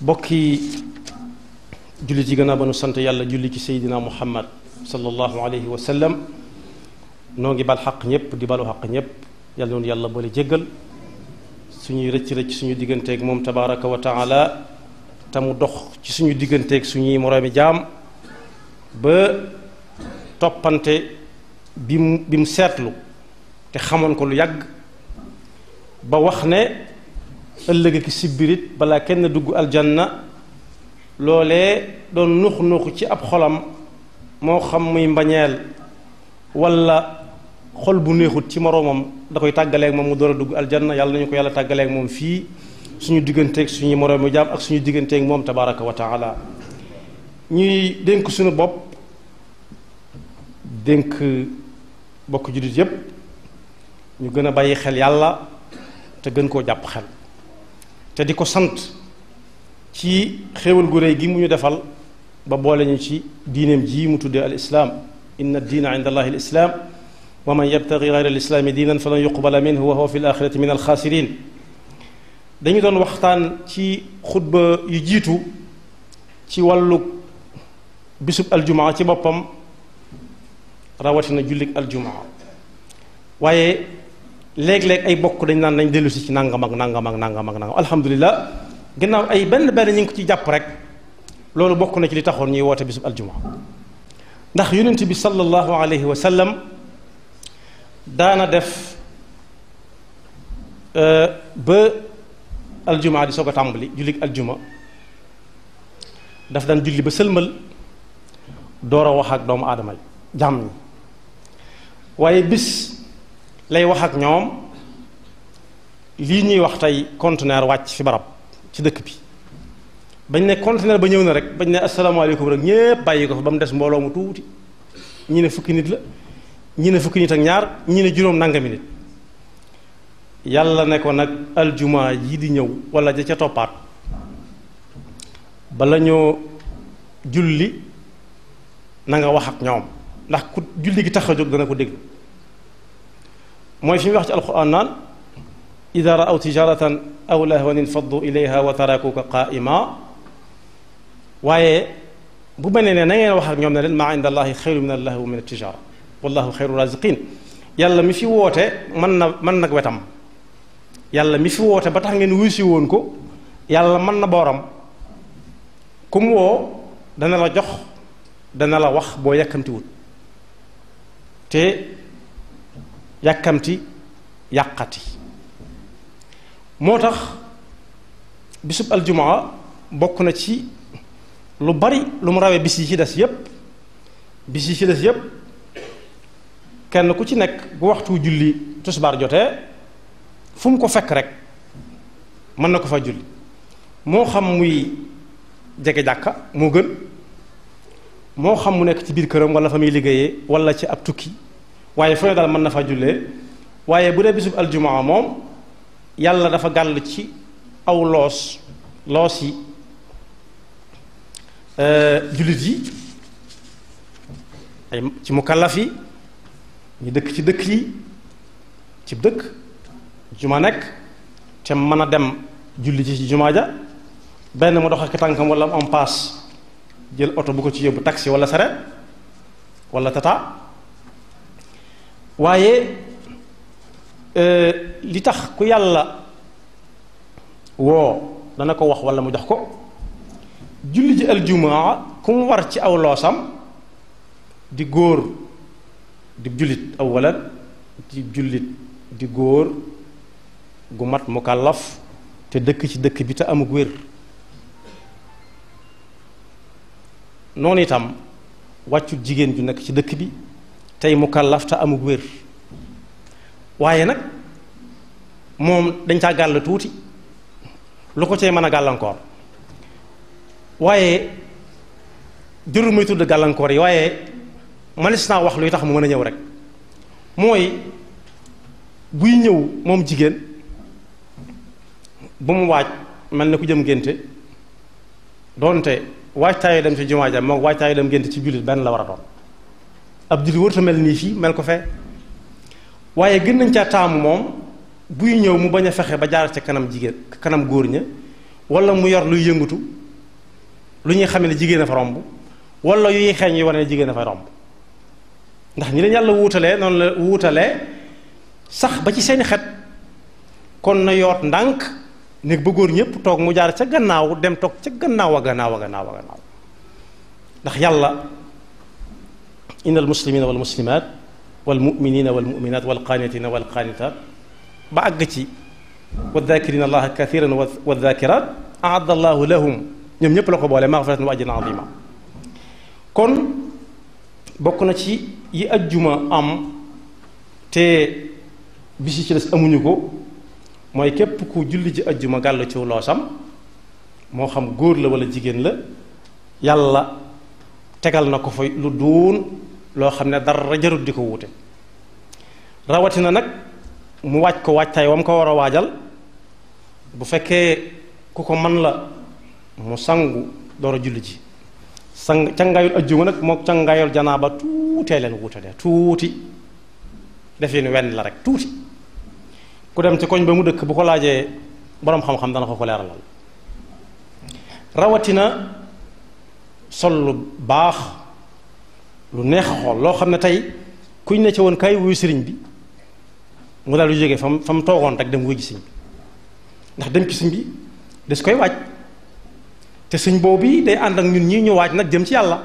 bokki jullit yi gën a ba nu sant yàlla julli ci seydina muhammad sallallahu alayhi wa sallam noo ngi bal xaq ñëpp di balu xaq ñëpp yàlla noonu yàlla boole jéggal suñuy rëcc rëcc suñu digganteeg moom tabaraka wa taala te mu dox ci suñu digganteeg suñuy moroomi jaam ba toppante bi mu bi mu seetlu te xamoon ko lu yàgg ba wax ne ëllëg ak si balaa kenn dugg aljanna loolee doon nuux nuuxu ci ab xolam moo xam muy mbañeel wala xol bu neexut ci moroomam da koy tàggaleeg moom mu door a dugg aljanna yàlla nañu ko yàlla tàggaleeg moom fii suñu digganteeg suñu moroomu jaam ak suñu digganteeg moom tabaraka wa ñuy dénk suñu bopp dénk bokk juddit yépp ñu gën a bàyyi xel yàlla te gën koo jàpp xel te di ko sant ci xéewal gu gi mu ñu defal ba boole ñu ci diineem ji mu tuddee al in inna diina inda allahi al islaam wa man yabtagi gayra al islaami diinan falan yuqbala minhu wa huwa fi l axirati min al dañu doon waxtaan ci xutba yu jiitu ci wàllu bisub aljumaa ci boppam rawatina jullik aljumaa waaye léegi léeg ay bokk dañ naan nañ dellu si ci nangam ak nangam ak nangam ak nangam alhamdulilah ay benn benn ñu ngi ko ci jàpp rek loolu bokk na ci li taxoon ñuy woote bisub aljuma ndax yonent bi sallallahu alayhi wa sallam daana def euh, ba di soog tàmbali jullig aljuma daf daan julli ba sëlmal door a wax ak doomu aadama yi waaye bis lay wax ak ñoom lii ñuy wax tey conteneur wàcc fi barab ci dëkk bi bañ ne conteneur ba ñëw na rek bañ ne asalaamaaleykum rek ñépp bàyyi ko fa ba mu des mbooloo mu tuuti ñi ne fukki nit la ñi ne fukki nit ak ñaar ñi ne juróom nangami nit yàlla ne ko nag aljuma yi di ñëw wala ja ca toppaat bala ñoo julli na nga wax ak ñoom ndax ku julli gi tax a jóg dana ko dégg mooy fi mu wax ci alquran naan ida raaw tijaratan aw lahwan infaddu ilayha wa tarakuka qaima waaye bu ma nee ne na ngeen wax ak ñoom ne leen maa inda allahi xayru min allahi wa min atijara wallahu xayru raziqin yàlla mi fi woote man na nag wetam yàlla mi fi woote ba tax ngeen wuy si woon ko yàlla mën na booram ku mu woo dana la jox dana la wax boo yàkkamtiwut te yàkkamti yàqati moo tax bisub aljumaa bokk na ci lu bari lu mu rawee bis yi ci des yépp bis yi ci des yépp kenn ku ci nekk bu waxtu julli tusbaar jotee fu mu ko fekk rek mën na ko fa julli moo xam muy jege jàkka moo gën moo xam mu nekk ci biir këram wala fa muy liggéeyee wala ci ab tukki waaye fu ne daal mën na fa jullee waaye bu dee bisub aljumaa moom yàlla dafa gàll ci aw loos loos yi euh, jullit yi ay ci mukallaf yi ñu dëkk ci dëkk yi ci dëkk juma nekk te mën a dem julli ji ci jumaa ja benn mu dox ak tànkam wala mu am paas jël oto bu ko ci yóbbu taxi wala saret wala tata waaye euh, li tax ku yàlla woo dana ko wax walla mu jox ko julli ji aljumaa ku mu war ci aw loosam di góor di jullit aw walad di jullit di góor gu mat mu kàllaf te dëkk ci dëkk bi te amug wér noonu itam wàccu jigéen ju nekk ci dëkk bi tey mu kàllaf te amug wér waaye nag moom dañ caa gàll tuuti lu ko cee mën a gàllankoor waaye jërul muy tudd gàllankoor yi waaye manis naa wax luy tax mu mën a ñëw rek mooy buy ñëw moom jigéen bu mu waaj mel ni ku jëm ngénte doonte waajtaayu dem ci jumaa moo moom waajtaayu dem ngénte ci jullit benn la war a doon ab jullit warut mel nii fii mel ko fee waaye gën nañ caa taamu moom buy ñëw mu bañ a fexe ba jaar ca kanam jigéen kanam góor ña wala mu yor luy yëngatu lu ñuy xame ne jigéen a fa romb wala yuy xeeñ yu wane ne jigéen a fa romb ndax ñi leen yàlla wuutalee noonu la wuutalee sax ba ci seeni xet kon na yoot ndànk nekk ba góor ñëpp toog mu jaar ca gannaaw dem toog ca gannaaw a gannaaw a gannaaw a gannaaw ndax yàlla inna almuslimina wal muslimat wal muminina wal muminat wal qaanitina wal qaanitat ba àgg ci wadakirina allaha kathiran wadakirat aadda wa ajran azima bokk na ci yi ajjuma am te bisi ci des amuñu ko mooy képp ku julli ji ajjuma gàll ciw loosam moo xam góor la wala jigéen la yàlla tegal na ko fa lu duun loo xam ne dara jarut di ko wuute rawatina nag mu waaj ko waajtaay wam ko war a waajal bu fekkee ku ko mën la mu sangu door a julli ji sang cangaayul ajjuma nag moo cangaayul janaaba tuutee leen wuutale tuuti defin wen la rek tuuti ku dem ci koñ ba mu dëkk bu ko laajee boroom xam-xam dana ko ko leeralal rawatina sol lu baax lu neex xool loo xam ne tey kuñ ne ci woon kaay wuyu sëriñ bi mu daal di jógee fa mu fa mu toogoon rek dem wuyu sëriñ bi ndax dem ci bi das koy waaj te sëriñ boobu bi day ànd ak ñun ñii ñu waaj nag jëm ci yàlla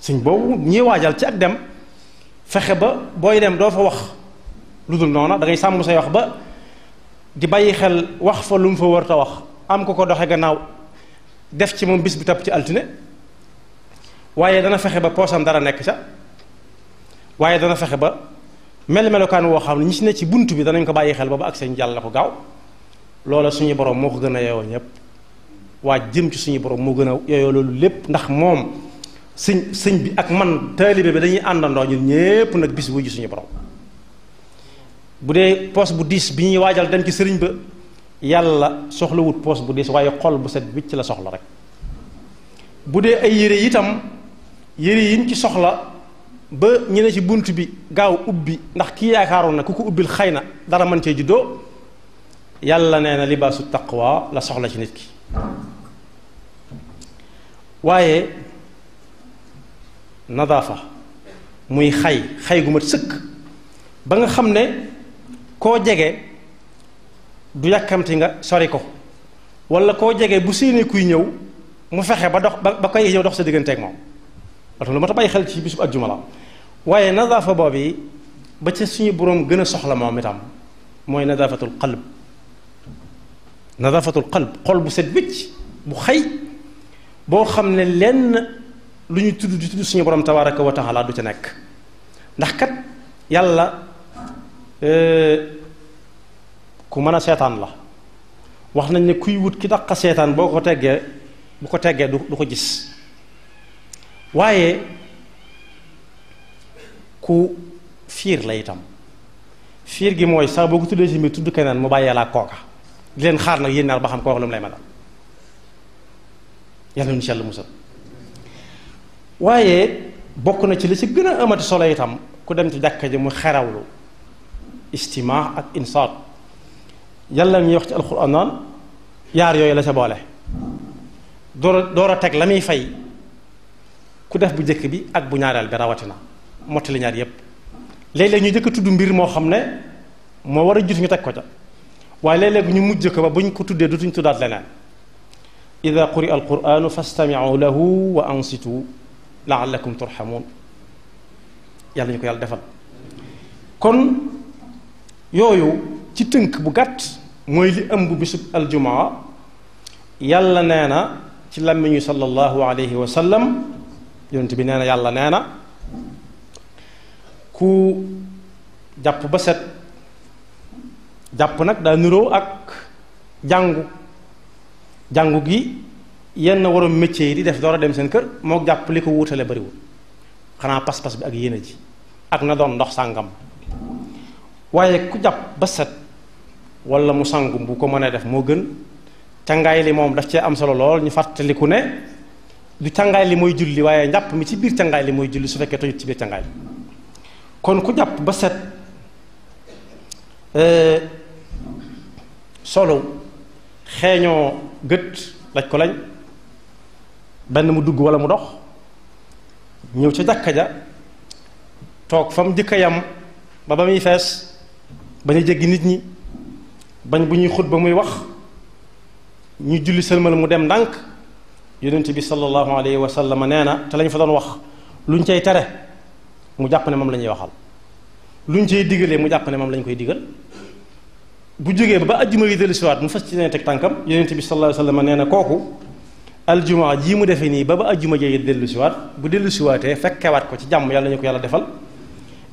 sëriñ boobu ñii waajal ci ak dem fexe ba booy dem doo fa wax lu dul noona da ngay sàmm say wax ba di bàyyi xel wax fa lu mu fa war wax am ko ko doxe gannaaw def ci moom bis bi tapp ci altine waaye dana fexe ba poosam dara nekk ca waaye dana fexe ba mel melokaan woo xam ne ñi si ne ci bunt bi danañ ko bàyyi xel ba ba ak seen jàll la ko gaaw loola suñu borom moo ko gën a yeyoo ñëpp waa jëm ci suñu borom moo gën a yeyoo loolu lépp ndax moom sëñ sëñ bi ak man taalibe bi dañuy àndandoo ñun ñépp nag bis wuyu suñu borom bu dee poos bu diis bi ñuy waajal dem ci sëriñ ba yàlla soxlawut poos bu diis waaye xol bu set ci la soxla rek bu yére yiñ ci soxla ba ñu ci bunt bi gaaw ubbi ndax kii yaakaaroon na ku ko ubbil xay na dara mën cee juddoo yàlla nee na libaasu waa la soxla ci nit ki waaye nadaafa muy xay xay gu mat sëkk ba nga xam ne koo jege du yàkkamti nga sori ko walla koo jege bu séenee kuy ñëw mu fexe ba dox ba koy ñëw dox sa digganteek moom wata lu ma ta bàyyi xel ci bisub ajjuma la waaye nadaafa boobu ba ca suñu boroom gën a soxla moom itam mooy nadaafatul qalb nadaafatul qalb xool bu set wécc bu xay boo xam ne lenn lu ñu tudd di tudd suñu borom tabaaraka wa du ca nekk ndax kat yàlla euh, ku mën a seetaan la wax nañ ne kuy wut ki daq seetaan boo ko teggee bu ko teggee du ko gis waaye ku fiir la itam fiir gi mooy sax boo ko tuddee si mbir tudd keneen mu bàyyee laa kooka di leen xaar nag yéen ñaar ba xam kooka lu mu lay mënal yàlla nañu si yàlla musal waaye bokk na ci li ci gën a amati solo itam ku dem ci jàkka ji mu xerawlu istimaa ak insaat yàlla ñuy wax ci alxuraan naan yaar yooyu la sa boole door a teg la muy fay ku def bu njëkk bi ak bu ñaareel bi rawatina mottali ñaar yépp léeg ñu jëkk tudd mbir moo xam ne moo war a jiitu ñu teg ko ca waaye léeg-léeg ñu mujj ko ba buñ ko tuddee dutuñ tuddaat leneen ida quri al quranu fastamiu lahu wa ansitu laallakum turhamun yàlla ñu ko yàlla defal kon yooyu ci tënk bu gàtt mooy li ëmb bisub aljumaa yàlla nee na ci làmmiñu sallallahu alayhi wa sallam yonent bi nee na yàlla nee na ku jàpp ba set jàpp nag daa niroo ak jàngu jàngu gi yenn waroon métier yi di def door a dem seen kër moo jàpp li ko wuutale bariwul xanaa pas-pas bi ak yéene ji ak na doon ndox sàngam waaye ku jàpp ba set wala mu sangu bu ko mënee def moo gën cangaay li moom daf cee am solo lool ñu fàttaliku ne du càngaay li mooy julli waaye njàpp mi ci biir càngaay li mooy julli su fekkee tojut ci biir càngaay li kon ku jàpp ba set euh, solow xeeñoo gët laj ko lañ benn mu dugg walla mu dox ñëw ca jàkka ja toog fa mu jëkka yam ba ba muy fees bañu jéggi nit ñi bañ bu ñuy xut ba muy wax ñu julli sëlmal mu dem ndànk yonent bi sallallahu alayhi wa sallam nee na te lañ fa doon wax ñu cay tere mu jàpp ne moom la ñuy waxal luñ cay digalee mu jàpp ne moom lañ koy digal bu jógee ba ajjuma yi dellusiwaat mu fas ci nee teg tànkam yonent bi sallallahu alayhi wa sallam na kooku aljuma jii mu defee nii ba ba ajjuma jee dellusiwaat bu dellusiwaatee fekkewaat ko ci jàmm yàlla ñu ko yàlla defal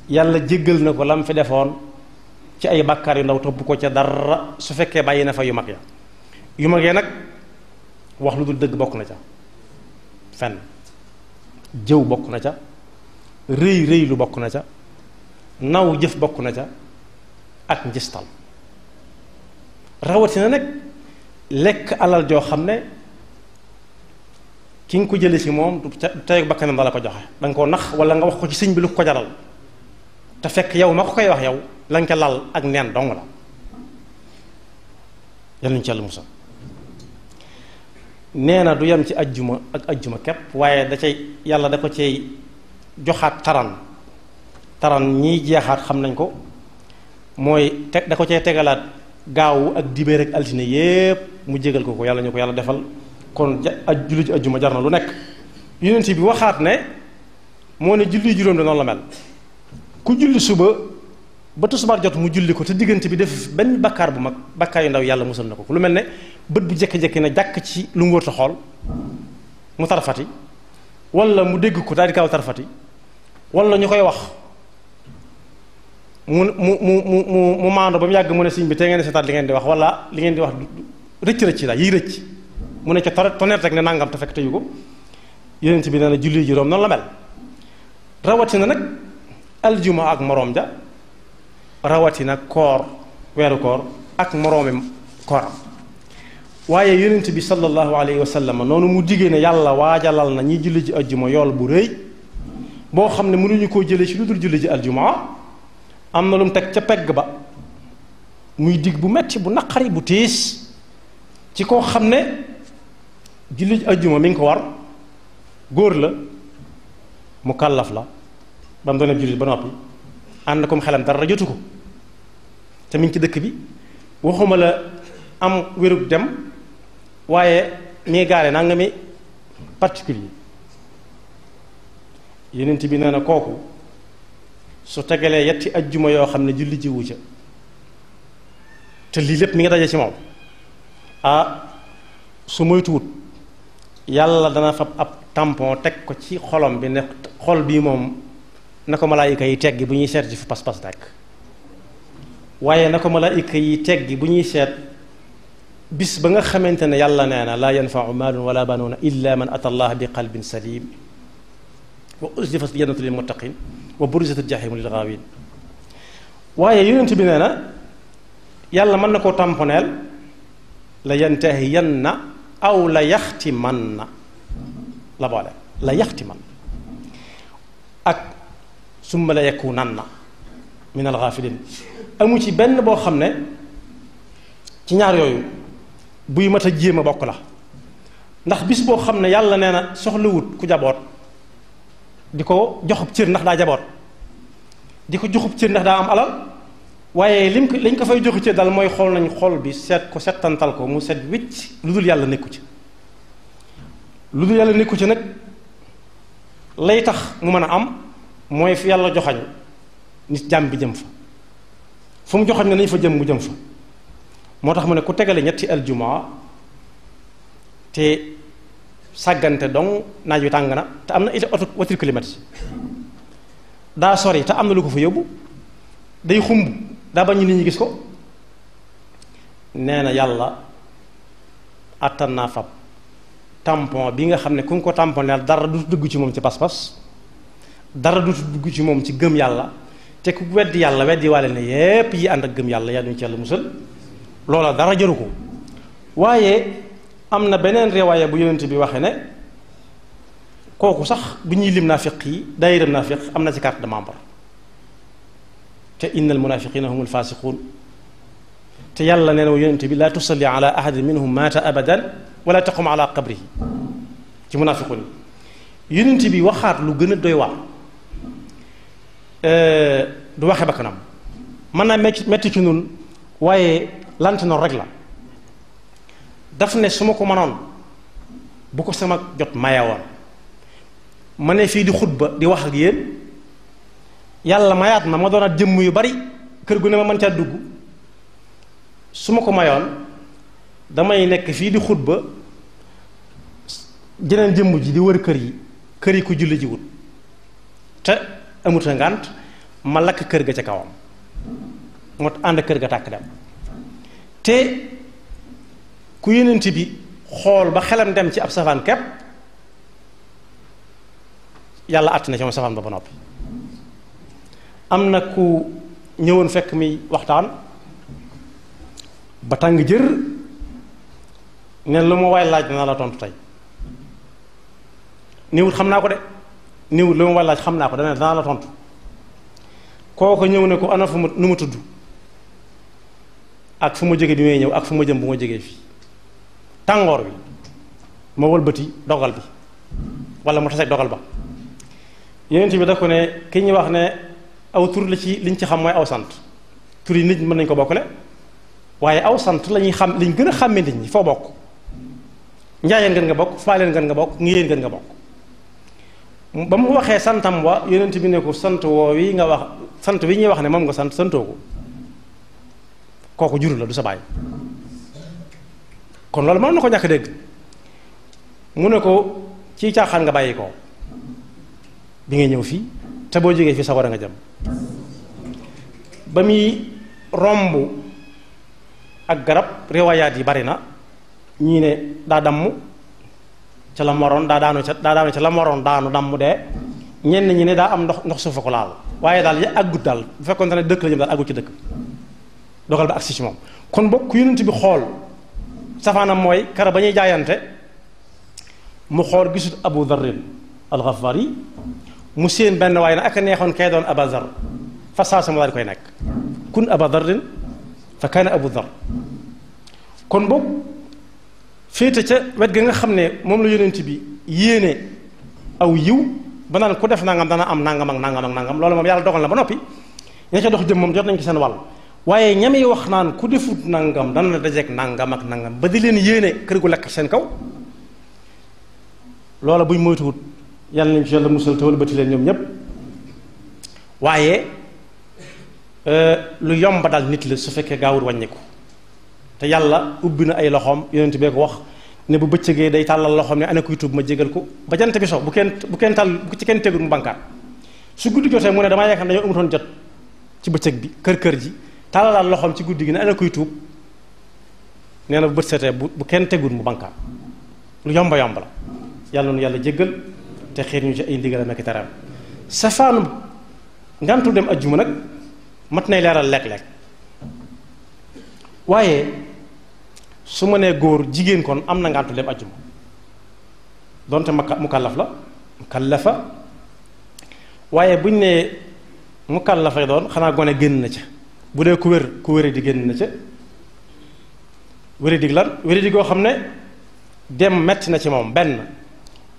yàlla jéggal na ko lam fi defoon ci ay bàkkaar yu ndaw topp ko ca dara su fekkee bàyyi na fa yu mag ya yu wax lu dul dëgg bokk na ca fenn jëw bokk na ca rëy rëy lu bokk na ca naw jëf bokk na ca ak njistal rawatina nag lekk alal joo xam ne ki nga ko jële si moom tey bakkanam dala ko joxe da nga koo nax wala nga wax ko ci sëñ bi lu ko jaral te fekk yow ma ko koy wax yow la ko lal ak neen dong la yal nañu ci Yàlla musal nee na du yem ci ajjuma ak ajjuma képp waaye da cay yàlla da ko cay joxaat taran taran ñiy jeexaat xam nañ ko mooy teg da ko cay tegalaat gaawu ak dibéer ak altine yépp mu jégal ko ko yàlla ñu ko yàlla defal kon ja aj julli ji ajjuma jar na lu nekk yonent bi waxaat ne moo ne julli juróom de noonu la mel ku julli suba ba tusubaar jot mu julli ko te diggante bi def benn bakkaar bu mag bakkaar yu ndaw yàlla musal na ko ko lu mel ne bët bu jékki-jékki na jàkk ci lu mu sa xool mu tarfati walla mu dégg ko daal di kaaw tarfati wala ñu koy wax mu mu mu mu mu mu maando ba mu yàgg mu ne siñ bi te ngeen di seetaat li ngeen di wax wala li ngeen di wax rëcc rëcc la yiy rëcc mu ne ca tonet rek ne nangam te fekk teyu ko yonent bi nee na julli juróom noonu la mel rawatina nag aljuma ak moroom ja rawatina koor weeru koor ak moroomi kooram waaye yonent bi sallallahu alayhi wa sallam noonu mu digée ne yàlla waajalal na ñi julli ji aljuma yool bu rëy boo xam ne mënuñu koo jëlee ci lu dul julli ji aljuma am na lu mu teg ca pegg ba muy dig bu metti bu naqari bu tiis ci koo xam ne julli ji aljuma mi ngi ko war góor la mu kàllaf la ba mu doon julli ba noppi ànd kom xelam dara jotu ko te mi ci dëkk bi waxuma la am wérug dem waaye mi ngi gaare mi particulier yenent bi nee na kooku su tegalee yetti ajjuma yoo xam ne julli jiwu ca te lii lépp mi ngi daje ci moom ah su moytuwut yàlla dana fab ab tampon teg ko ci xolom bi ne xol bii moom na ko malaayika yi teggi bu ñuy seet ji fu pas-pas nekk waaye na ko malaayika yi teggi bu ñuy seet bis ba nga xamante ne yàlla nee na laa yanfau maalun wala banuuna man ata allah bi qalbin salim wa uslifat jannatu lil muttaqin wa burisat jahimu lil gaawin waaye yonent bi nee na yàlla mën na koo tamponeel la yantahiyanna aw la yaxtimanna la boole la yaxtiman summa la yakku nan na min alxaafilin amu ci benn boo xam ne ci ñaar yooyu buy mat a jéem a bokk la ndax bis boo xam ne yàlla nee na soxlawut ku jaboot di ko joxub cër ndax daa jaboot di ko joxub cër ndax daa am alal waaye lim ko liñ ko fay joxu cër dal mooy xool nañ xool bi seet ko settantal ko mu set wicc lu dul yàlla nekku ci lu dul yàlla nekku ci nag lay tax mu mën a am mooy fi yàlla joxañ nit jàmm bi jëm fa fu mu joxañ ne nañ fa jëm mu jëm fa moo tax mu ne ku tegale ñetti aljumaa te sàggante dong naaj wi tàng na te am na it auto voiture climatique daa sori te am na lu ko fa yóbbu day xumb daa bañ nit ñi gis ko nee na yàlla attan naa fab tampon bi nga xam ne ku nga ko tamponeel dara du dugg ci moom ci pas-pas dara du dugg ci moom ci gëm yàlla te ku weddi yàlla weddi waale ne yépp yi ànd ak gëm yàlla yaa duñ ci yàlla musal loola dara jëru ko waaye am na beneen riwaaya bu yonent bi waxe ne kooku sax bu ñuy lim naafiq yi daayira naafiq am na si carte de membre te innal munaafiqiina humul faasiquun te yàlla nee na yonent bi laa tusalli ala ahadin minhum maata abadan wala taqum ala qabrihi ci munaafiquun yi yonent bi waxaat lu gën a doy waar Euh, du waxe bakkanam mën naa metti ci nun waaye lant rek la daf ne su ma ko manoon bu ko sama jot mayawoon ma ne fii di xutba di wax ak yéen yàlla mayaat ma ma doonaat jëmm yu bari kër gu ne ma mën caa dugg su ma ko mayoon damay nekk fii di xutba jeneen jëmm ji di wër kër yi kër yi ku julli ji wut te amut a ngànt ma lakk kër ga ca kawam moo ànd kër ga tàkk dem te ku yenent bi xool ba xelam dem ci ab safaan kepp yàlla àtt na ci moom safaan ba ba noppi am na ku ñëwoon fekk mi waxtaan ba tàng jër ne lu ma waay laaj na la tontu tey néewut xam naa ko de néew lu ma war xam naa ko dana la tontu kooku ñëw ne ko ana fu ma nu ma tudd ak fu ma jóge bi may ñëw ak fu ma jëm bu ma jógee fii tàngoor bi ma walbati dogal bi wala mu taseeg dogal ba yeneen bi daf ko ne ki ñu wax ne aw tur la ci liñ ci xam mooy aw sant tur yi nit mën nañ ko bokk bokkale waaye aw sant la ñuy xam liñ gën a xàmmee nit ñi foo bokk njaayeen ngeen nga bokk faaleen ngeen nga bokk yeen gën nga bokk ba mu waxee santam wa yonent bi ne ko sant woo wi nga wax sant wi ñuy wax ne moom nga sant santoo ko kooku juru la du sa baay kon loolu mën na ko ñàkk dégg mu ne ko ci caaxaan nga bàyyi ko bi ngay ñëw fii te boo jógee fii sa war a nga jëm ba muy romb ak garab riwaayaat yi bari na ñii ne daa damm ca la moroon daa daanu ca daa daanu ca la moroon daanu damm dee ñenn ñi ne daa am ndox ndox suufa ko laal waaye daal ak àggut daal bu fekkoon ne dëkk la jëm daal àggut ci dëkk dogal ba agsi ci moom kon bokk yonent bi xool safaanam mooy kara ba ñuy jaayante mu xool gisut abu darrin alxafaari mu séen benn waaye na ak a neexoon kay doon aba dar fa saa sama daal koy nekk kun aba darrin fa kaana abu dar kon bokk féete ca wet ga nga xam ne moom la yonent bi yéene aw yiw ba naan ku def nangam dana am nangam ak nangam ak nangam loolu moom yàlla dogal na ba noppi ña ca dox jëm moom jot nañ ci seen wal waaye ñamey wax naan ku defut nangam dana la dajeeg nangam ak nangam ba di leen yéene kër gu lekk seen kaw loola buñ moytuwut yàlla nañ ci yàlla musal te wëlbati leen ñoom ñépp waaye euh, lu yomba dal nit la su fekkee gaawul wàññiku te yàlla ubbi na ay loxoom yonent bee ko wax ne bu bëccëgee day tàllal loxoom ne ana kuy tuub ma jégal ko ba jant bi so bu kenn bu kenn bu ci kenn tegul mu bànkaar su guddi jotee mu ne damaa yaakaar dañoo jot ci bëccëg bi kër kër ji tàllalaal ci guddi gi ne ana kuy tuub nee bu bët seetee bu bu kenn tegul mu bànkaar lu yomba yomba la yàlla noonu yàlla jéggal te xiir ñu ci ay ndigalam ak teraam safaanu ngantul dem ajjuma nag mat nay leeral lekk-lekk waaye su ma nee góor jigéen kon am na ngàntu leb ajjuma donte ma mu la mu waaye buñ ñu nee mu kàllafay doon xanaa gone génn na ca bu dee ku wér ku wére di génn na ca wére dig lan goo xam ne dem metti na ci moom benn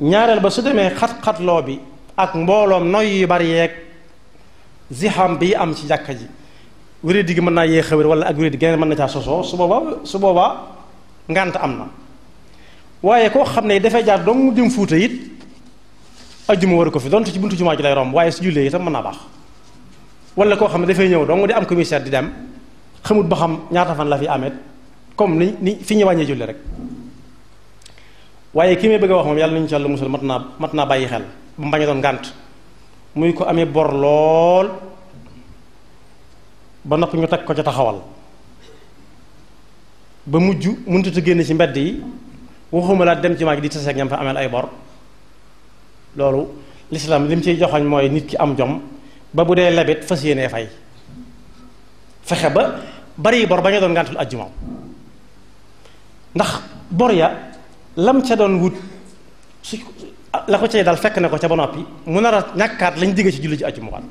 ñaareel ba su demee xat-xatloo bi ak mbooloom noy yu bari yeeg ziham bi am ci jàkka ji wére gi mën naa yéex a wér wala ak wére geneen mën na caa sosoo su boobaa su boobaa ngant am na waaye koo xam ne dafay jaar dong dem fuuta it ajjuma waru ko fi donte ci buntu jumaa ji lay romb waaye su jullee itam mën naa baax wala koo xam ne dafay ñëw dong di am commissaire di dem xamut ba xam ñaata fan la fi amet comme ni ni fi ñu wàññee julli rek waaye ki may bëgg a wax moom yàlla nañu ci yàlla musul mat naa mat naa bàyyi xel ba mu bañ a doon ngànt muy ko amee bor lool ba noppi ñu teg ko ca taxawal ba mujj mënut a génn ci mbedd yi waxuma laa dem ci maaj di taseeg ñam fa ameel ay bor loolu lislaam lim ciy joxoñ mooy nit ki am jom ba bu dee lebet fas yéenee fay fexe ba bari bor ba nga doon ngàntul ajjuma ndax bor ya lam ca doon wut su la ko cay dal fekk na ko ca ba noppi mu nar a ñàkkaat lañ digg ci julli ji ajjuma waat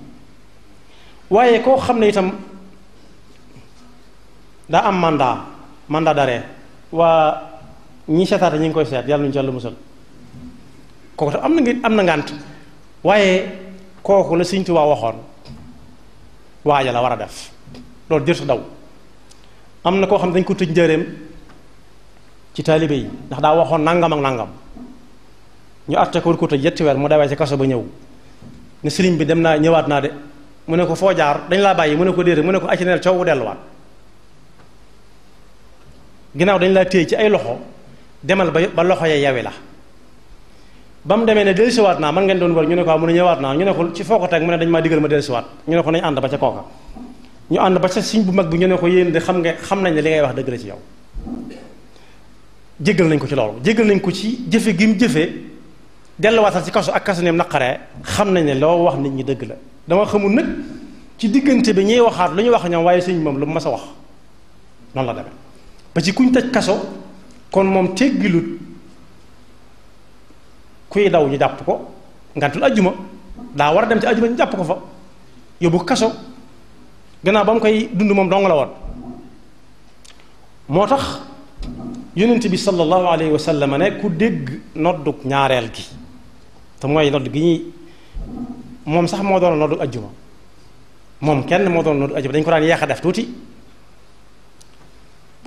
waaye koo xam ne itam daa am mandat man mandat d'arrêt waa ñi seetaate ñi ngi koy seet yàlla nañu ci yàlla musal kooku tam am na ngi am na ngànt waaye kooku la Sëñ Tuubaa waxoon waaja la war a def loolu jër su daw am na koo xam ne dañ ko tëj njëreem ci taalibe yi ndax daa waxoon nangam ak nangam ñu àtte ko war ko tëj weer mu dawee ci kaso ba ñëw ne sëriñ bi dem naa ñëwaat naa de mu ne ko foo jaar dañ laa bàyyi mu ne ko déedéet mu ne ko acci neel coow delluwaat ginnaaw dañ laa téye ci ay loxo demal ba ba loxo yee yawi la ba mu demee ne dellusiwaat naa man ngeen doon war ñu ne ko ah, mu ne ñëwaat ñu ne ko ci foo ko teg mu ne ñu ne ko nañ ànd ba ca kooka ñu ànd ba ca siñ bu mag bi ñu ne ko yéen de xam nga xam nañ ne li ngay wax dëgg la ci yow jéggal nañ ko ci loolu jéggal nañ ko ci jëfe gi mu jëfee delluwaatal ci kaso ak kaso neem naqaree xam nañ ne loo wax nit ñi dëgg la dama xamul nag ci diggante bi ñuy waxaat lu ñu wax ñoom waaye sëñ moom lu mu mas a wax noonu ba ci kuñ tëj kaso kon moom teggilut kuy daw ñu jàpp ko ngantul ajjuma daa war a dem ci ajjuma ñu jàpp ko fa yóbbu kaso gannaaw ba mu koy dund moom dong la woon moo tax yonent bi sallallahu alayhi wa sallam ne ku dégg nodduk ñaareel gi te mooy nodd gi ñuy moom sax moo doon nodduk ajjuma moom kenn moo doon nodduk ajjuma dañ ko daan yeex a def tuuti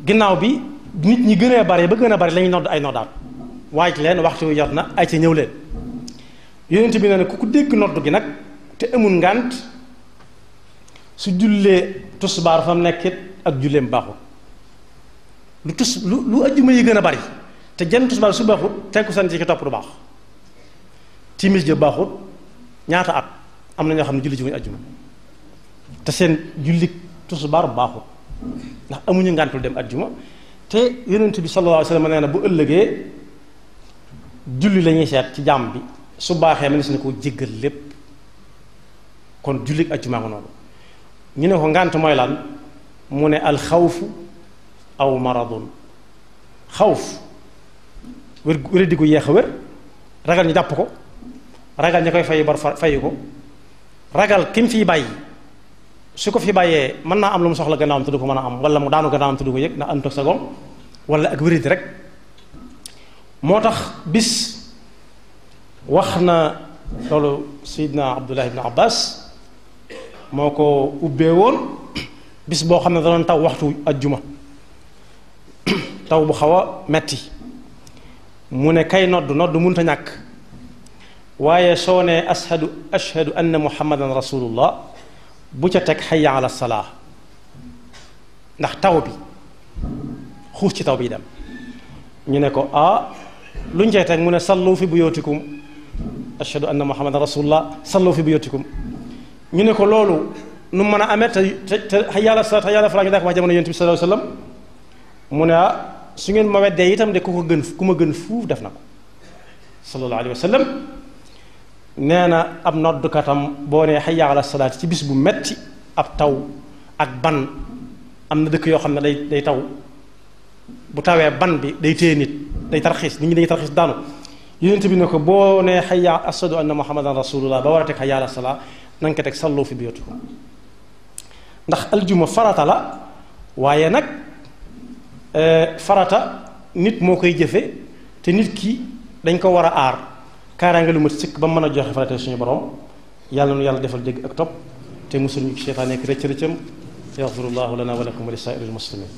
ginnaaw bi nit ñi gën a bare ba gën a bare la nodd ay noddaat waaj leen waxtu wi jot na ay ca ñëw leen yonent bi nee ku ku dégg nodd gi nag te amul ngant su jullee tusbaar fa mu nekkit ak julleem baaxul lu tus lu lu ajjuma yi gën a bari te jenn tusbaar su baaxut tekkusaan ci topp du baax timis ja baaxut ñaata at am na ñoo xam ne julli ci wuñu ajjuma te seen julli tusbaar baaxut ndax amuñu ngàntul dem at ajjuma te yonent bi sallallahu alayhi wa na bu ëllëgee julli lañuy seet ci jàmm bi su baaxee mënees na ko jéggal lépp kon jullit ajjuma ko noonu ñu ne ko ngant mooy lan mu ne alxawfu aw maradun xawf wér wér di ko yéex wér ragal ñu jàpp ko ragal ñi koy fay bar fayu ko ragal kim fiy bàyyi su ko fi bàyyee mën naa am lu mu soxla gannaawam te du ko mën a am wala mu daanu gannaawam te du ko yëg ndax ànd ak sagoom wala ak wéridi rek moo tax bis wax na loolu Seydina Abdullah ibn Abbas moo ko ubbee woon bis boo xam ne danoon taw waxtu ak juma taw bu xaw a metti mu ne kay nodd nodd a ñàkk waaye soo nee ashadu ashadu anna muhammadan rasulullah bu ca teg xayya ala salaa ndax taw bi xuus ci taw bi dem ñu ne ko ah lu ñu teg mu ne sallu fi buyootikum ashhadu anna muhammadan rasulullah sallu fi buyootikum ñu ne ko loolu nu mën a amee te te xayya ala salaa xayya ala falaa ñu daak wax jamono yonent bi sallallahu alayhi wa sallam mu ne ah su ngeen itam de ku ko gën ku ma gën fuuf def na ko sallallahu alayhi wa sallam nee na ab noddukatam boo nee xayya ala ci bis bu metti ab taw ak ban am na dëkk yoo xam ne day day taw bu tawee ban bi day téye nit day tarxiis nit ñi dañuy tarxiis daanu yonent bi ne ko boo nee xayya ashadu anna muhammadan rasulullah ba war a teg xayya ala salaat ko teg sallu fi biyutikum ndax aljuma farata la waaye nag eh, farata nit moo koy jëfe te nit ki dañ ko war a aar kaaraange lu mat sëkk ba mën a joxe farate suñu borom yàlla nu yàlla defal dégg ak topp te musul ñu ci seytaane ak rëcc rëccam yaxfirullahu lana wa lakum wa li saa'iril muslimin